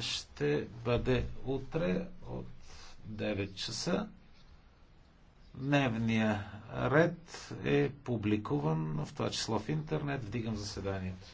ще бъде утре от 9 часа. Дневния ред е публикуван, в това число в интернет. Вдигам заседанието.